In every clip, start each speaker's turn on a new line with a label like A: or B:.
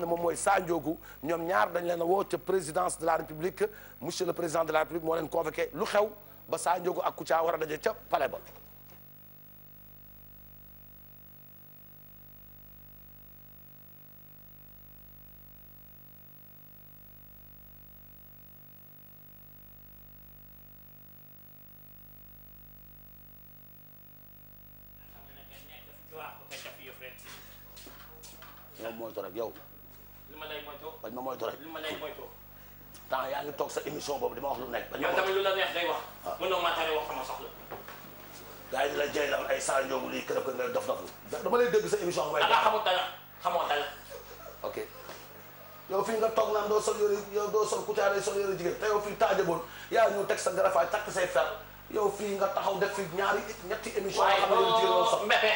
A: ne moom mooy Sandiogou ñoom ñaar dañ leen a woo ca présidence de la république monsieur le président de la république moo leen convoqué lu xew ba Sandiogou ak Kouthia war a daje ca palais ba li ma lay moytoo bañ ma moytoo rek li ma lay moytoo temps yaa ngi toog sa émission boobu di ma wax lu nekk bañ ma tamit lu la neex day wax ah. mënoo maa tere wax sama soxla gars di la jay daan ay saa ñoom lii kërëb kër nga dof dof dama lay dégg sa émission nga may xamoo dara xamoo dara ok yow fii nga toog naan doo sol yore yow doo sol kucaaray sol yore jigéen te yow fii taajaboon yaa ñu teg sa garafaay takk say fer yow fii nga taxaw def fi ñaari ñetti émission yoo xam ne yow jigéen woon sax mbepe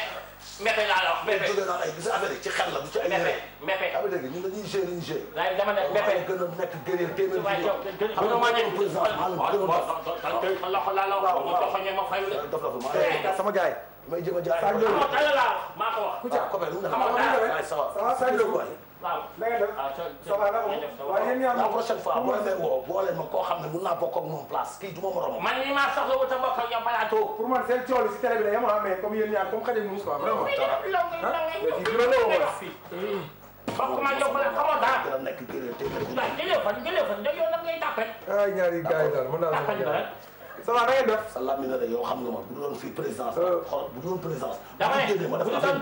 A: mbepe laa la wax mbepe jóge naa ay gis affaire yi ci xel la du ci ay mbepe mbepe xam nga dégg ñun dañuy gérer ñu gérer waaye dama ne mbepe gën a nekk gëneel téeméer xam nga ma ñëw président man loxo laa la wax ma loxo ma fayu la dof dof ma sama gars a ko wax waaw na nga def ça va naka moom waaye yéen ñaar moom prochaine fois boo leen woo boo leen ma koo xam ne mun naa bokk ak moom place kii du ma moroom man ni maa soxla wu ta bokk ak yow balaa toog pour man seen tool si télé bi la yem amee ah, comme yéen ñaar comme xaj ak muus quoi vraiment ah, bokk ma jox la xamoo dara dara nekk gëlé te gëlé fan gëlé fan da yow nag ngay tàppet ay ñaari gars yi daal mën naa la ça va ngay def sa lami na de yow xam nga ma bu doon fii présidence euh. xool bu doon présidence dama ne bu doon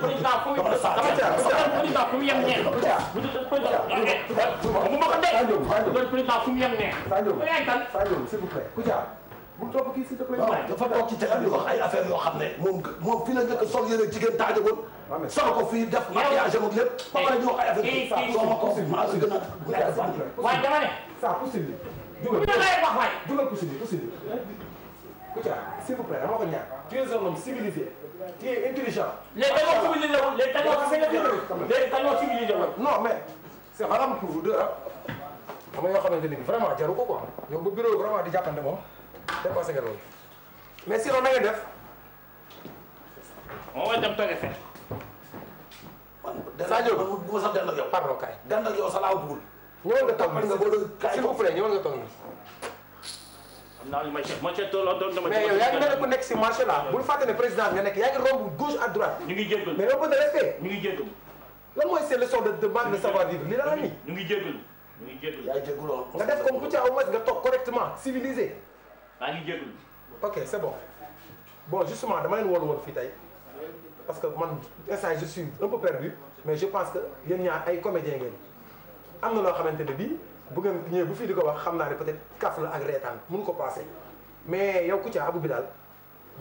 A: présidence dama fu mu yem neex. bu dul ko def. fu mu yem neex. s'il vous plaît Kouthia. bu topp kii s'il te plaît. dafa toog ci jaxam bi wax ay affaire yoo xam ne moom moom fii la njëkk sol yére jigéen taajagoon. sol ko fii def maquillage am ak lépp. ba pare ñu wax ay affaire yi. soo ma ko si gën a. waaye dama ne. saa ku si lii. dugal ku si lii dugal ku si lii Kouthia s'il vous plaît dama ko ñaan tu es un homme civilisé tu es intelligent. léegi dañoo civilisé wu léegi dañoo civilisé wu non mais c'est valable pour vous deux ah. xam nga yoo xamante ni vraiment jaru ko quoi yow ba bureau vraiment di jàppante moom dépassé nga loolu mais sinon na ngeen def. moom mooy dem toog fee. Sadio bu ma sax dend ak yow. pardon kay dend ak yow sa laaw bugul. ñëwal nga toog s'il vous plaît ñëwal nga toog am naa lu may chef man ca tolloo doon dama. ne ku nekk si marché la bul ne président gauche à droite. ñu ngi jéggalu mais loolu de respect. ñu ngi jéggalu. lan mooy seen leçon de de manque de savoir vivre li la la nii. ñu ngi jéggalu ñu ngi jéggalu. yaa ngi nga def comme Kouthia au moins nga toog correctement civilisé. ngi jéggalu. ok c'est bon bon justement dama leen wóolu woon fii tey parce que man instant je suis un peu perdu mais je pense que yéen ñaar ay comédien ngeen am na loo xamante ne bii bu ngeen ñëwee bu fii di ko wax xam naa ne peut kaf la ak reetaan mun ko passé mais yow Kouthia bi daal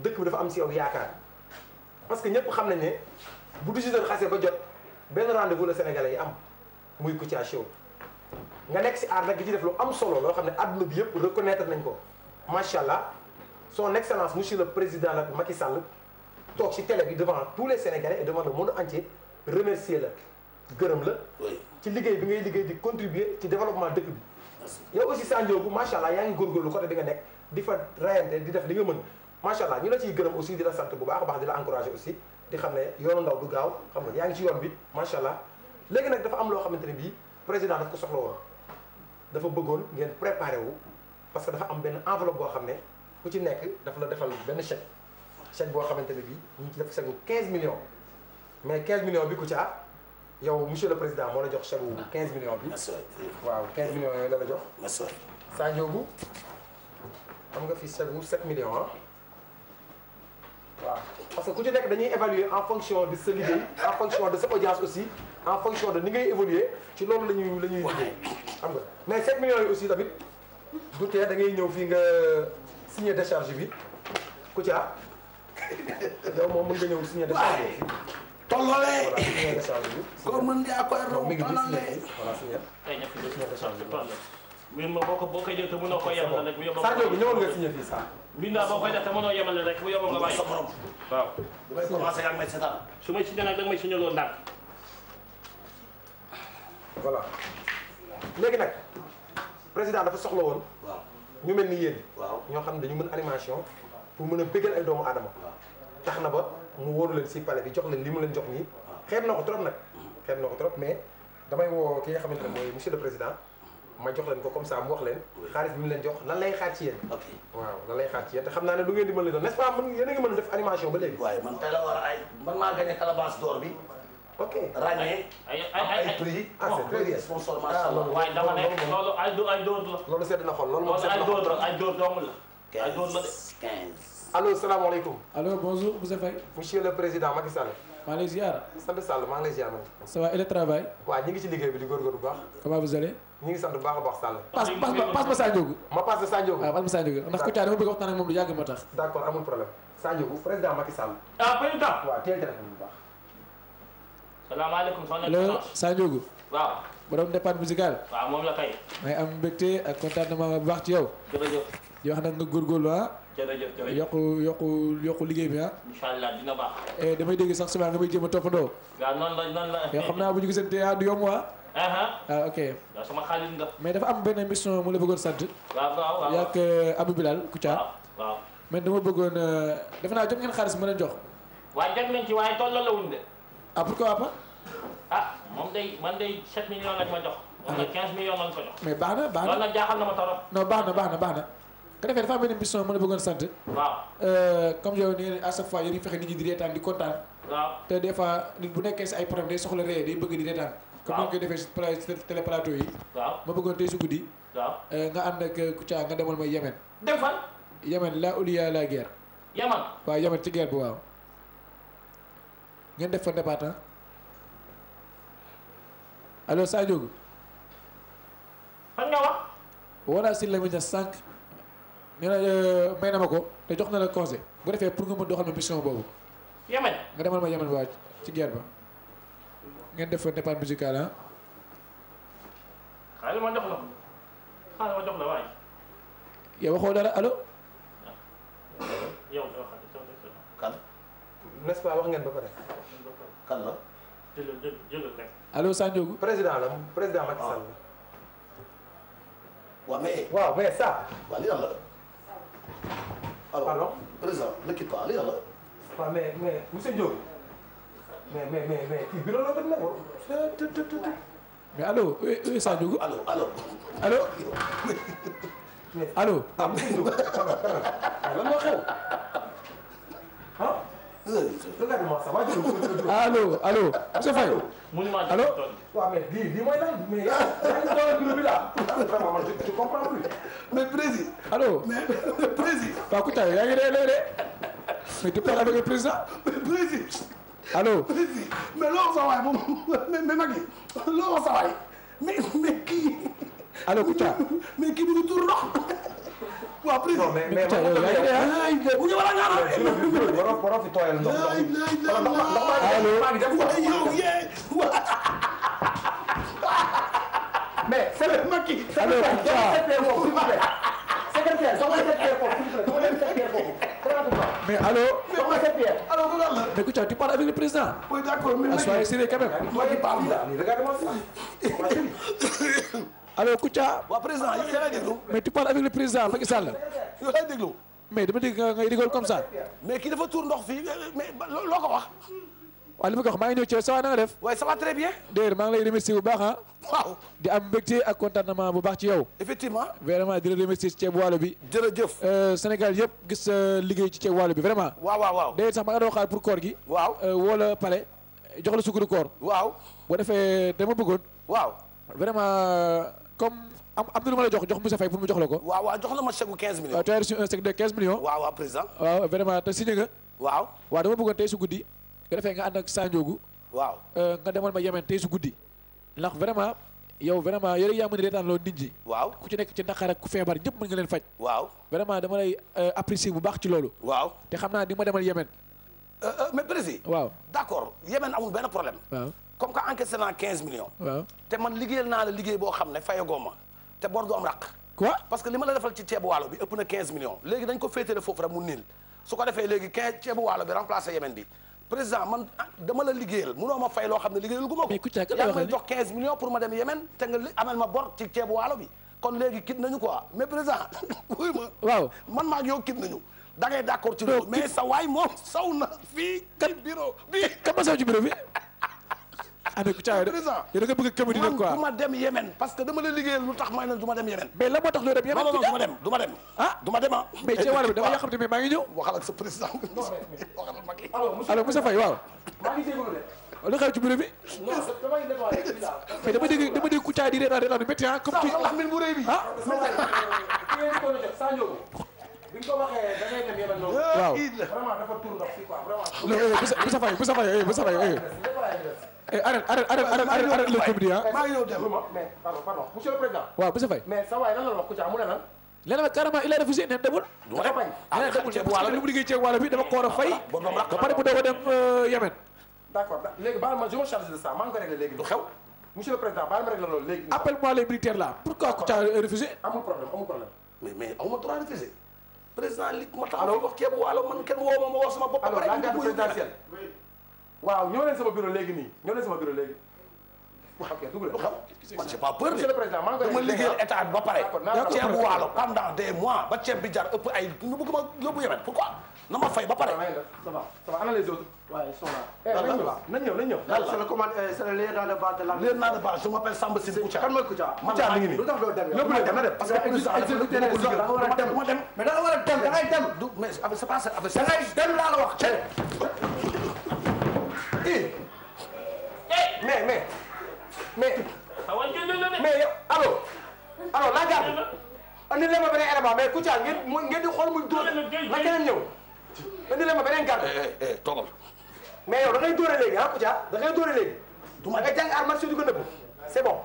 A: dëkk bi dafa am si yow yaakaar parce que ñëpp xam nañ ne bu 18 heures xasee ba jot benn rendez-vous la Sénégalais yi am muy Kouthia Show nga nekk si aar nag gi ci def lu am solo loo xam ne adduna bi yëpp reconnaître nañ ko macha soo son excellence monsieur le président nag Macky Sall toog si télé bi devant tous les Sénégalais et devant le monde entier remercier la. gërëm la. ci liggéey bi ngay liggéey di contribuer ci développement dëkk bi. yow aussi bu macha allah yaa ngi ko côté bi nga nekk di fa rayante di def li nga mën macha allah ñu la ciy gërëm aussi di la sant bu baa a baax di la encourager aussi di xam ne yoonu ndaw du gaaw xam nga yaa ngi ci yoon bi macha allah léegi nag dafa am loo xamante ne bii président daf ko soxla woon dafa bëggoon ngeen préparé wu parce que dafa am benn enveloppe boo xam ne ku ci nekk dafa la defal benn chèque chèque boo xamante ne bii ñu ngi ci def chèque bu 15 mais 15 millions bi ku ci ah yow monsieur le président moo la jox chèque wu ah. 15 millions bi. waaw 15 millions yooyu la la jox. saa Ndiogou am nga fi chèque wu 7 millions ah. waaw parce que ku ci nekk dañuy évaluer en fonction de sa liggéey en fonction de sa audience aussi en fonction de ni ngay évoluer ci loolu la ñuy la ñuy liggéey xam nga mais 7 millions yi aussi tamit du tee da ngay ñëw fii nga signer décharge bi ku Kouthia yow moom mën nga ñëw signer décharge bi. tollale ko mën yaa koy romb tollale mbir ma boo ko boo koy jël te mënoo ko yemale rek bu yóbboo sargal bi ñëwal nga signé fii sax mbir naa boo koy def te mënoo yemale rek bu yóbboo nga bàyyi sa borom waaw bu may commencé yaa ngi may seetaan su may signé nag da nga may signé loo ndànk voilà léegi nag président dafa soxla woon ñu mel ni yéen waaw ñoo xam ne dañu mën animation pour mën a bégal ay doomu aadama tax na ba mu wóoru leen si palais bi jox leen li mu leen jox nii xeeb na ko trop nag xeeb na ko trop mais damay woo ki nga xamante ne mooy monsieur le président ma jox leen ko comme ça mu wax leen xaalis bi mu leen jox lan lay xaar ci yéen waaw lan lay xaar ci yéen te xam naa ne du ngeen di mën leen doon nest pas mën yéen a ngi mën a def animation ba léegi waaye man tey la war ay man maa bi ok ràññee ay ay prix ah c'est très bien sponsor ah, macha Allah waaye dama ne loolu ay dóor ay dóor la loolu na xol loolu ay dóor allo salaamaaleykum. allo bonjour monsieur Faye. président Macky Sall. maa ngi lay ziar. sant Sall maa waaw ñu ngi ci liggéey bi di góorgóorlu baax. comment ngi sant bu baax a baax Sall. passe passe ma Sandiogou. ma passe Sandiogou. waaw ah, passe ma Sandiogou ndax Kouthia a waxtaan ak moom lu yàgg moo d' accord amul problème Sandiogou président Macky Sall. Ah, may am mbégte ak contentement bu baax ci yow. yoo wax nag nga góorgóorlu ah. jërëjëf jërëjëf yokku yokku yokku liggéey bi ah. Eh, damay dégg sax souvent nga may jéem toppandoo. waaw eh, xam naa bu ñu gisante ah du yomb ah. ah, ah. ah ok. sama xaalis mais dafa am benn mission mu la bëggoon sant. waaw waaw waaw yaa ngi eh, mais dama bëggoon def naa jot ngeen xaalis mën a jox. waaye jot nañ ci waaye tolloo la wuñ jox. mais baax na baax na baax na baax na. ka defee dafa am benn bëggoon sant. Euh, comme yow nee à chaque fois yéen a fexe nit ñi di reetaan di kontaan. te des nit bu nekkee si ay problème day soxla ree day bëgg di reetaan. comme ni nga koy defee si télé plateau yi. waaw ma bëggoon tey si guddi. Euh, nga ànd ak Kouthia nga demal ma Yemen. dem fan. Yemen la oulia la guerre. Yemen waaw Yemen ci guerre bi waaw. ngeen def fa débat ah. allo Sadio. fan si la ma nee na euh, may na ma ko te jox na la conseil bu defee pour nga mën doxal ma mission boobu. yemen nga demal ma yemen waa ci guerre ba ngeen def départ musical ah. xaaral ma jox ma jox la wax ngeen ba pare. kan la. jëlal jël jëlal rek. président la président ah. waaw mais. waaw mais alo alors président ne quitte pas lii la. waaw mais mais monsieur Diop mais mais mais mais kii bureau la dem ko. mais allo oui oui Sadio mënu maa allo waaw mais lii lii mooy lan mais yaa bi la vraiment man je comprends plus mais président allo mais président waaw ku tax yaa ngi dee dee mais tu parles avec le président président allo président mais loo sa waay moom mais mag yi loo sa waay mais mais kii allo ku tax mais kii bi ngi tuur ndox waaw président mais mais man de bu ñu war a ah? ñaanal. borom borom fi tooyal ndox ndox ndox maa ngi dem kii. alors secrétaire soxla secrétaire foofu secrétaire foofu. mais allo. soxla secrétaire. allo ku la. mais Kouthia tu parles avec le président. oui d'accord mais soyez sérieux quand même. allo Kouthia. waa président yow le président Macky Sall. yow yaa ngi déglu. mais comme ça. mais kii dafa tuur ndox fii mais loo waaw li ma ko maa ngi ñëw ci ça va na nga def. waaye ça va très bien. d'ailleurs maa ngi lay remercier bu baax ah. waaw di am mbégte ak contentement bu baax ci yow. effectivement vraiment di la remercier ceeb waalo bi. jërëjëf. Euh, Sénégal yëpp gis liggéey ci ceeb waalo bi vraiment. waaw waaw waaw d'ailleurs sax maa ngi koor gi. waaw euh, woo la jox la sukuru koor. waaw boo defee dama bëggoon. waaw vraiment comme. am am na lu ma la jox jox ko. waaw waaw la ma chèque bu 15 millions. waaw tu as reçu un chèque de 15 waaw dama bëggoon tey su guddi. ko defee nga ànd ak Sanjoogu waaw euh, nga demal ma yemen tey su guddi ndax vraiment yow vraiment yéen yaa mën a reetaan loo nit ñi waaw ku ci nekk ci naqar rek ku feebar ñëpp mën nga leen faj waaw vraiment dama lay euh, apprécier bu baax ci loolu waaw te xam naa di ma demal yemen euh, mais président waaw d' accord yemen amul benn problème waaw comme que encaissé naa quinze millions waaw te man liggéeyal naa la liggéey boo xam ne fayagoo ma te bor du am raq quoi parce ci ceebu waalo bi ëpp na quinze millions léegi dañ ko féetale foofu rek mu niil ko defee léegi quinze ceebu waalo bi remplacé yemen bi président man ah, dama la liggéeyal munoo ma fay loo xam ne liggéeyal gu ma ko. mais ku ca yaa ngi may jox pour ma dem Yemen te nga amal ma bor ci ceebu waalo bi kon léegi kit nañu quoi mais président. wuy man maa ngi yow kit nañu. da ngay d'accord ci loolu mais sa waay moom saw na fii. kat bureau bi kat ma saw ci bureau bi. ana Kouthia yow da nga bëgg comédie nag quoi man dem Yemen parce que dama la liggéeyal lu tax may leen du dem Yemen mais la moo du ma dem du ma dem ah du ma dem waaw maa ngi jégalu de lu a Eh, arrête arrête arrête arrête le coup bi ah. maa waaw monsieur Faye. mais sa waay lan la wax mu ne lan. leneen carrément il a refusé ne demul. dafa bañ ah ceeb waala bi li mu liggéey ceeb waala bi dama ko a fay. Ah, ba pare mu doog a dem Yemen. d' moi les militaires là pourquoi Kouthia a refusé. amul problème mais mais ma droit refusé. président li ma tax. allo wax ceeb waala man kenn woo ma ma woo sama bopp. alors la waaw ñëw leen sama bureau léegi nii ñëw leen sama bureau léegi bu xam kee dugg leen. man j'ai pas peur de. monsieur le président maa ngi koy liggéeyal état bi ba pare. ceebu waalo pendant des mois ba ceeb bi jar ëpp ay ñu bëgg ma yóbbu yemen pourquoi na ma fay ba pare. ça va ça va ana les autres. waaye ils sont là. Eh, lan la na ñëw na ñëw. c'est le commande euh, c'est le lieutenant de base de la. lieutenant de base je m'appelle Samba Sim Kouthia. kan mooy Kouthia. Kouthia mi ngi nii. lu tax doo dem yow. lépp dem na dem parce que plus ça dafa war a dem mais da nga war a dem da ngay dem. du mais c'est pas ça da ngay dem laa la wax eh mais mais mais. Ah mais yow allo. allo naa jàpp andi leen ma beneen élément mais Kouthia ngeen mu ngeen di xool muy dóor la keneen ñëw. andi leen ma beneen garde. Eh, eh, eh, toogal. mais yow da ngay dóore léegi ah Kouthia da ngay dóore léegi. du ma nga jàng arts martiaux di ko nëbb c'est bon.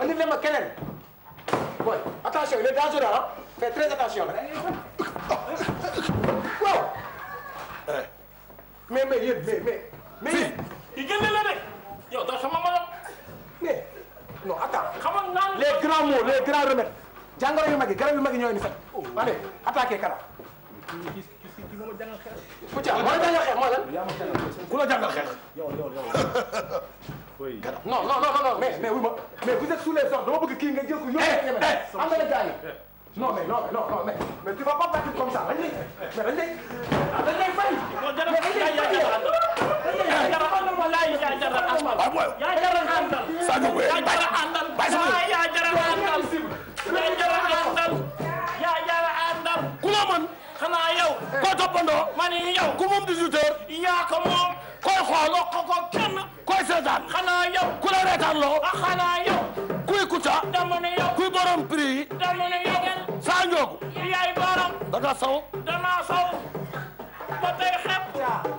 A: andi leen ma keneen. boy attention il est dangereux ah. fais très attention la. waaw. mais mais yéen mais mais. mais yi génne la de yow doo sama morom. mais non attends. xamal naa les grands mots les grands remèdes jàngoro yu mag yi garab yu mag yi ñoo indi faj. ku ma jàngal xeex. ku ca ma jàngal xeex mooy lan. ku la jàngal xeex. yow yow yow. non non non non mais mais mais vous êtes sous les ordres dama kii nga jël ko yóbbu. Eh, eh. am na la gars yi. non mais non non non mais Saw. danaa saw ba tey xepp.